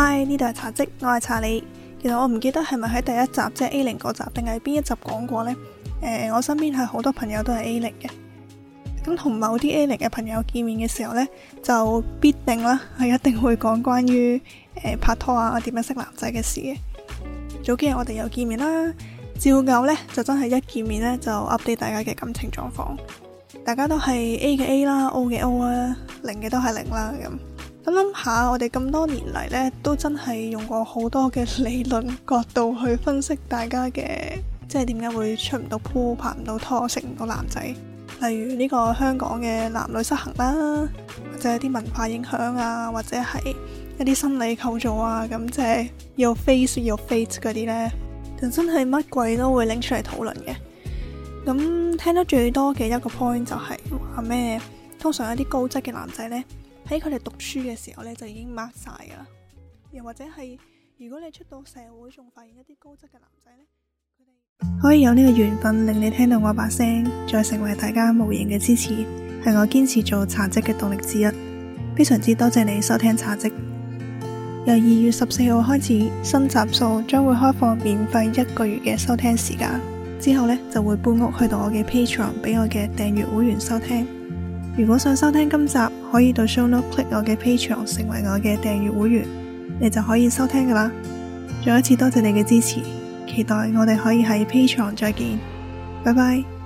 Hi，呢度係茶嘖，我係查理。其實我唔記得係咪喺第一集即係 A 零嗰集，定係邊一集講過呢？誒、呃，我身邊係好多朋友都係 A 零嘅。咁同某啲 A 零嘅朋友見面嘅時候呢，就必定啦，係一定會講關於誒、呃、拍拖啊，點樣識男仔嘅事嘅。早幾日我哋又見面啦，照舊呢，就真係一見面呢，就 update 大家嘅感情狀況。大家都係 A 嘅 A 啦，O 嘅 O 啊，零嘅都係零啦，咁。諗諗下，我哋咁多年嚟呢，都真係用過好多嘅理論角度去分析大家嘅，即係點解會出唔到 pool，拍唔到拖，識唔到男仔。例如呢個香港嘅男女失衡啦，或者啲文化影響啊，或者係一啲心理構造啊，咁即係 your face your fate 嗰啲呢，真真係乜鬼都會拎出嚟討論嘅。咁聽得最多嘅一個 point 就係話咩，通常一啲高質嘅男仔呢，喺佢哋讀書嘅時候咧，就已經抹晒，噶啦。又或者係，如果你出到社會，仲發現一啲高質嘅男仔咧，佢哋可以有呢個緣分令你聽到我把聲，再成為大家無形嘅支持，係我堅持做茶職嘅動力之一。非常之多謝你收聽茶職。由二月十四號開始，新集數將會開放免費一個月嘅收聽時間，之後咧就會搬屋去到我嘅 Patreon 俾我嘅訂閱會員收聽。如果想收聽今集，可以到 ShowNote click 我嘅 Patreon 成為我嘅訂閱會員，你就可以收聽噶啦。再一次多謝你嘅支持，期待我哋可以喺 Patreon 再見，拜拜。